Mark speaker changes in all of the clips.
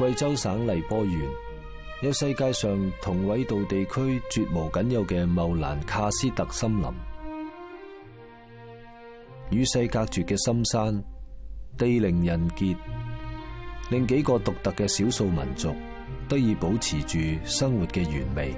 Speaker 1: 貴州省荔波縣有世界上同緯度地區絕無僅有嘅茂蘭喀斯特森林，與世隔絕嘅深山，地靈人傑，令幾個獨特嘅少數民族得以保持住生活嘅原味。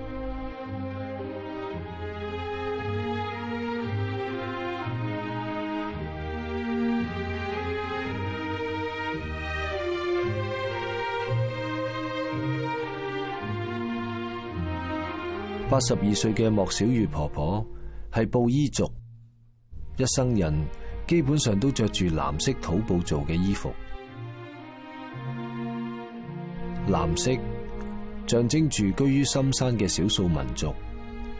Speaker 1: 八十二歲嘅莫小月婆婆係布衣族，一生人基本上都着住藍色土布做嘅衣服，藍色象徵住居於深山嘅少數民族，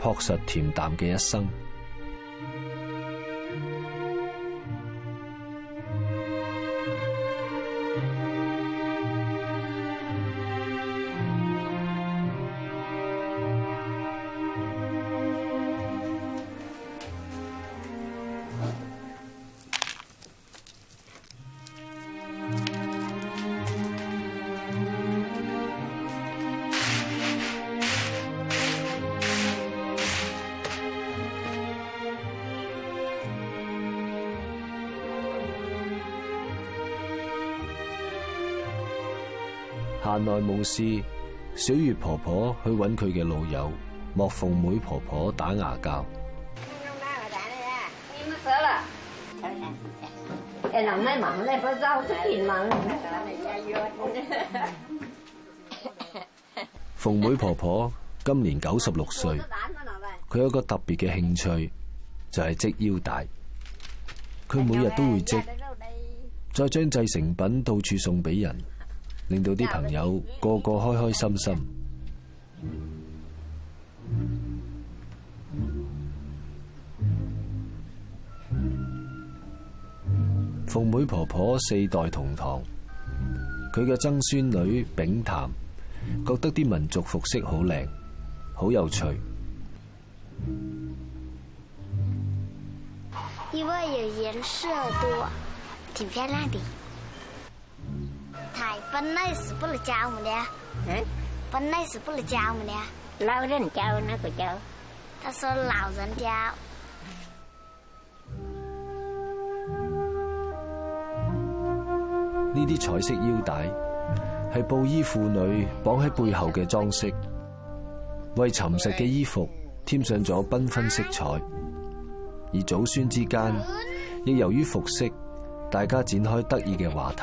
Speaker 1: 樸實恬淡嘅一生。閒來無事，小月婆婆去揾佢嘅老友莫鳳妹婆婆，婆打牙骹。你鳳妹婆婆今年九十六歲，佢有一個特別嘅興趣，就係、是、織腰帶。佢每日都會織，再將製成品到處送俾人。令到啲朋友個個開開心心。鳳妹婆婆四代同堂，佢嘅曾孫女丙談覺得啲民族服飾好靚，好有趣。因
Speaker 2: 為有
Speaker 3: 顏色多，挺漂亮的。分內事不能教我哋，分內事不能教我哋。老人教，哪個教？他說老人
Speaker 1: 教。呢啲彩色腰帶係布衣婦女綁喺背後嘅裝飾，為沉實嘅衣服添上咗繽紛色彩。而祖孫之間亦由於服飾，大家展開得意嘅話題。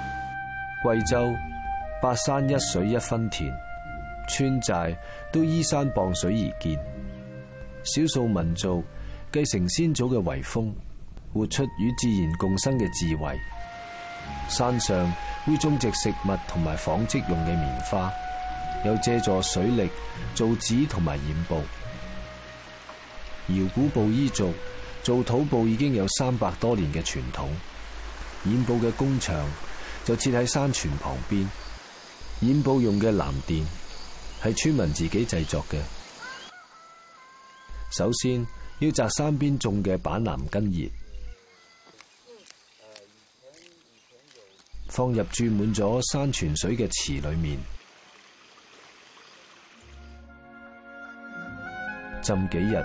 Speaker 1: 貴州八山一水一分田，村寨都依山傍水而建。少數民族繼承先祖嘅遺風，活出與自然共生嘅智慧。山上會種植食物同埋紡織用嘅棉花，又借助水力造紙同埋染布。瑤古布依族做土布已經有三百多年嘅傳統，染布嘅工場。就設喺山泉旁邊，染布用嘅藍靛係村民自己製作嘅。首先要摘山邊種嘅板藍根葉，放入注滿咗山泉水嘅池裏面，浸幾日，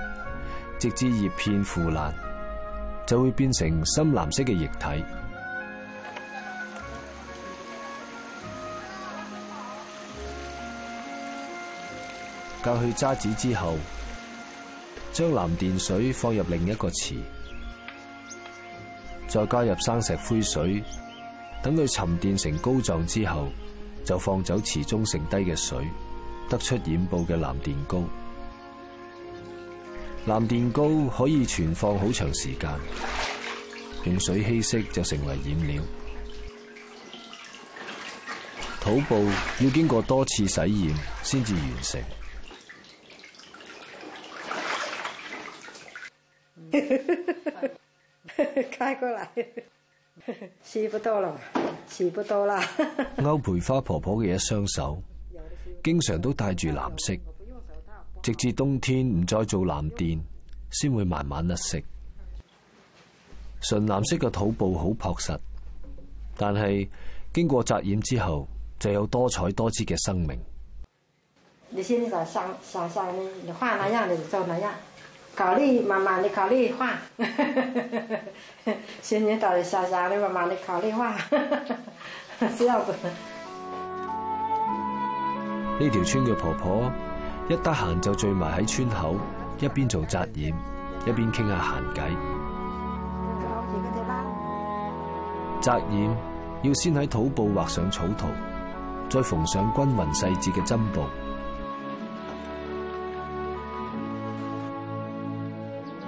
Speaker 1: 直至葉片腐爛，就會變成深藍色嘅液體。隔去渣子之後，將藍靛水放入另一個池，再加入生石灰水，等佢沉澱成膏狀之後，就放走池中剩低嘅水，得出染布嘅藍靛膏。藍靛膏可以存放好長時間，用水稀釋就成為染料。土布要經過多次洗染先至完成。
Speaker 2: 開過嚟，少不多咯，少不多啦。
Speaker 1: 歐培花婆婆嘅一雙手，經常都戴住藍色，直至冬天唔再做藍靛，先會慢慢甩色。純藍色嘅土布好樸實，但係經過紮染之後，就有多彩多姿嘅生命。
Speaker 2: 你現在想你想想你畫哪樣你考慮，慢慢地考慮，話新年到，傻傻地慢慢地考慮換， 這
Speaker 1: 樣子。呢條村嘅婆婆一得閒就聚埋喺村口，一邊做紮染，一邊傾下閒
Speaker 2: 偈。
Speaker 1: 紮染要先喺土布畫上草圖，再縫上均勻細緻嘅針布。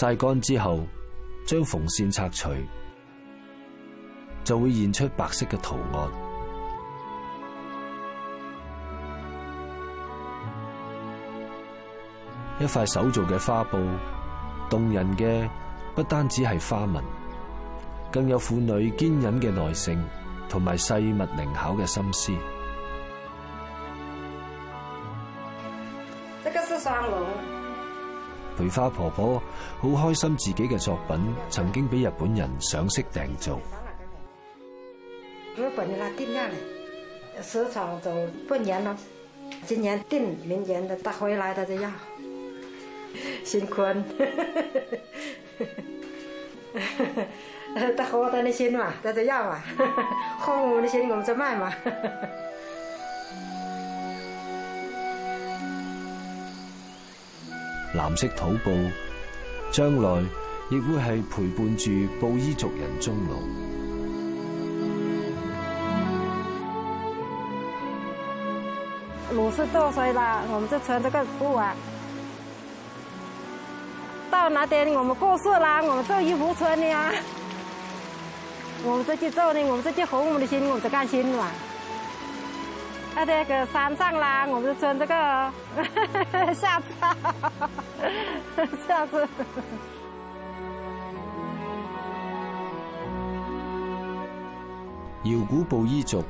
Speaker 1: 曬乾之後，將縫線拆除，就會現出白色嘅圖案。一塊手做嘅花布，動人嘅不單止係花紋，更有婦女堅忍嘅耐性同埋細密靈巧嘅心思。葵花婆婆好開心自己嘅作品曾經俾日本人賞識訂做，
Speaker 2: 時常走半年咯，今年訂，明年他大回來他就要。 新坤君，他花他啲錢嘛，他就要嘛，花 我們啲錢我們就賣嘛。
Speaker 1: 藍色土布，將來亦會係陪伴住布依族人終老。
Speaker 2: 六十多歲啦，我們就穿這個布啊。到那天我們過世啦，我們做衣服穿的呀，我們自己做的，我們自己合我們的心，我們就甘心啦。嗰山上啦，我們村這個， 下次，
Speaker 3: 下次。
Speaker 1: 瑤古布依族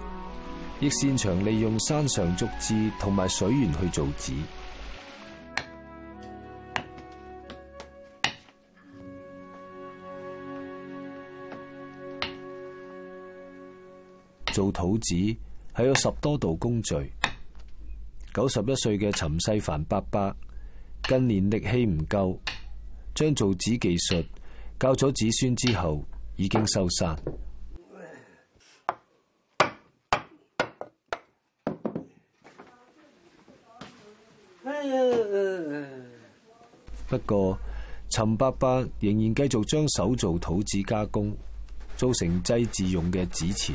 Speaker 1: 亦擅長利用山上竹枝同埋水源去做紙， 做土紙。係有十多道工序。九十一歲嘅陳世凡伯伯近年力氣唔夠，將造紙技術教咗子孫之後，已經收山。不過，陳伯伯仍然繼續將手做土紙加工，做成祭祀用嘅紙錢。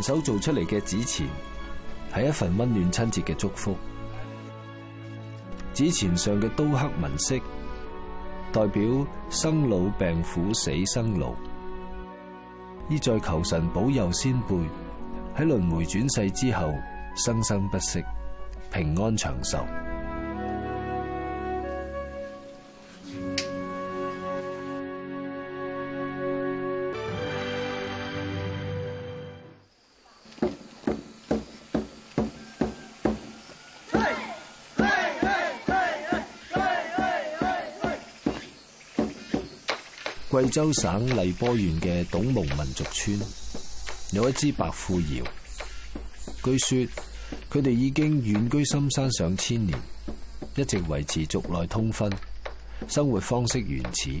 Speaker 1: 人手做出嚟嘅紙錢，係一份溫暖親切嘅祝福。紙錢上嘅刀刻紋飾，代表生老病苦死生老，意在求神保佑先輩喺輪迴轉世之後生生不息、平安長壽。貴州省荔波縣嘅董蒙民族村，有一支白褲瑤。據說，佢哋已經遠居深山上千年，一直維持族內通婚，生活方式原始。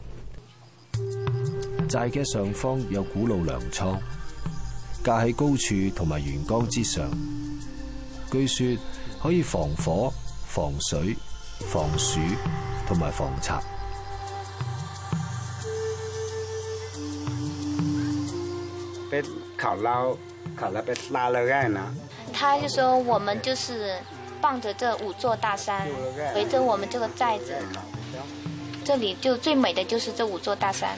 Speaker 1: 寨嘅上方有古老糧倉，架喺高處同埋懸江之上。據說可以防火、防水、防鼠同埋
Speaker 3: 防賊。被烤了烤了被殺了嘅人
Speaker 2: 他就說：我們就是傍着這五座大山，圍着我們這個寨子，這裏就最美的就是這五座大山。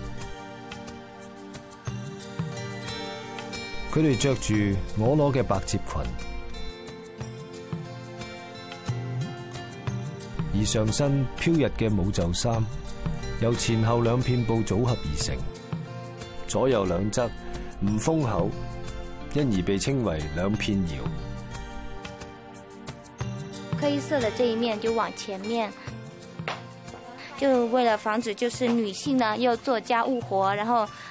Speaker 1: 佢哋着住我攞嘅白褶裙，而上身飄逸嘅冇袖衫，由前後兩片布組合而成，左右兩側唔封口，因而被稱為兩片瑤。
Speaker 2: 黑色的這一面就往前面，就為了防止，就是女性呢要做家務活，然後。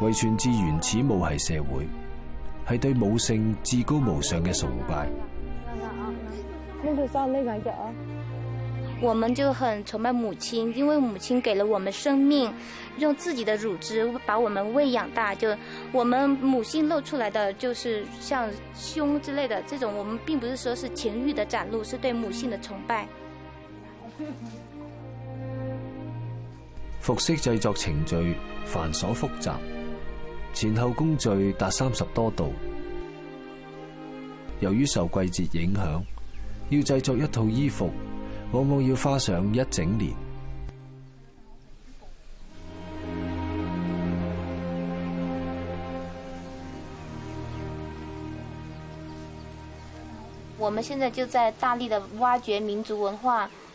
Speaker 1: 為遺傳至原始母系社會，係對母性至高無上嘅崇拜。
Speaker 2: 我們就很崇拜母親，因為母親給了我們生命，用自己的乳汁把我們餵養大。就我們母性露出來的，就是像胸之類的這種。我們並不是說是情欲的展露，是對母性的崇拜。
Speaker 1: 服飾製作程序繁瑣複雜。前後工序達三十多道，由於受季節影響，要製作一套衣服，往往要花上一整年。
Speaker 2: 我們現在就在大力的挖掘民族文化。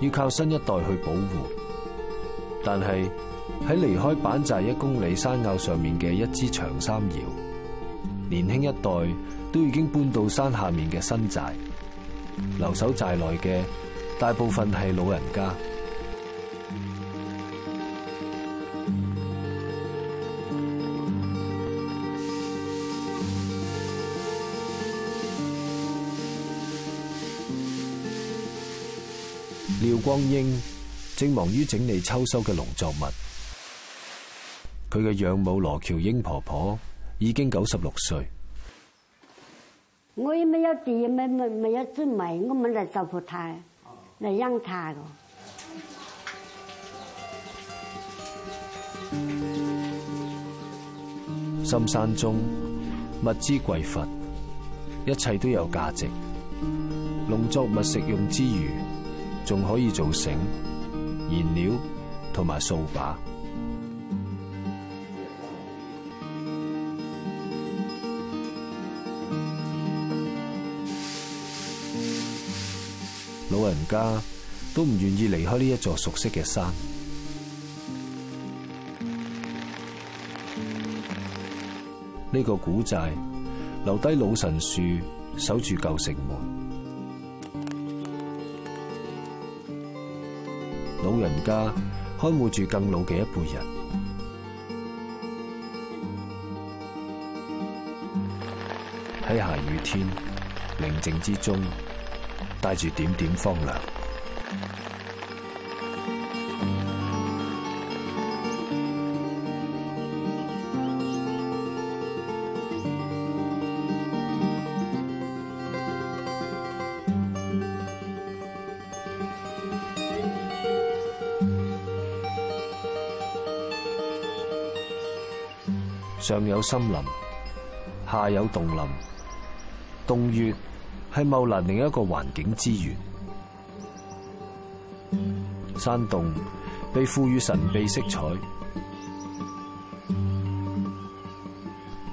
Speaker 1: 要靠新一代去保護，但係喺離開板寨一公里山坳上面嘅一支長三瑤，年輕一代都已經搬到山下面嘅新寨，留守寨內嘅大部分係老人家。廖光英正忙於整理秋收嘅農作物，佢嘅養母羅喬英婆婆已經九十六歲。
Speaker 2: 我沒有地，冇冇冇有子妹，我冇嚟，照顧他，嚟養他
Speaker 1: 深山中物之貴佛，一切都有價值。農作物食用之餘。仲可以做繩、燃料同埋掃把，老人家都唔願意離開呢一座熟悉嘅山。呢個古寨留低老神樹，守住舊城門。人家看護住更老嘅一輩人，喺下雨天，寧靜之中，帶住點點荒涼。上有森林，下有洞林，洞穴係茂蘭另一個環境資源。山洞被賦予神秘色彩，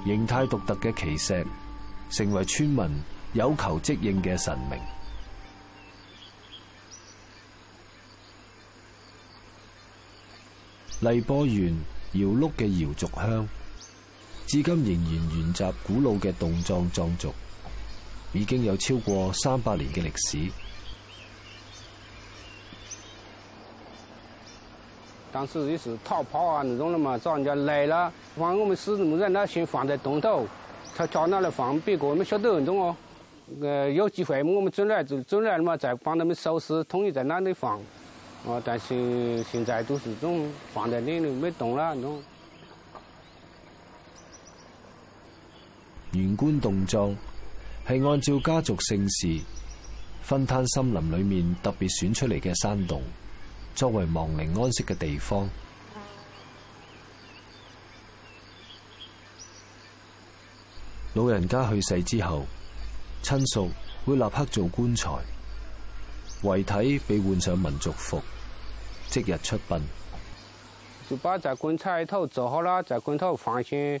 Speaker 1: 形態獨特嘅奇石成為村民有求即應嘅神明。荔波縣瑤麓嘅瑤族鄉。至今仍然沿襲古老嘅洞葬葬俗，已經有超過三百年嘅歷史。
Speaker 3: 當時也是逃跑啊，那種啦嘛，找人家來了，反正我們死都冇人，那先放在洞頭，他家拿來放，別個冇曉得，那種哦。呃，有機會，我們走來就走來了嘛，再幫他們收拾，統一在哪裏放。哦，但是現在都是這種放在那裏面，沒動啦，那種。
Speaker 1: 懸棺洞葬係按照家族姓氏分攤森林裏面特別選出嚟嘅山洞，作為亡靈安息嘅地方。老人家去世之後，親屬會立刻做棺材，遺體被換上民族服，即日出殯。
Speaker 3: 就把這棺材土做好啦，這棺土放心。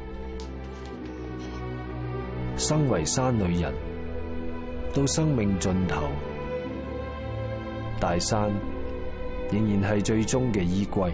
Speaker 1: 身為山裏人，到生命盡頭，大山仍然係最終嘅依歸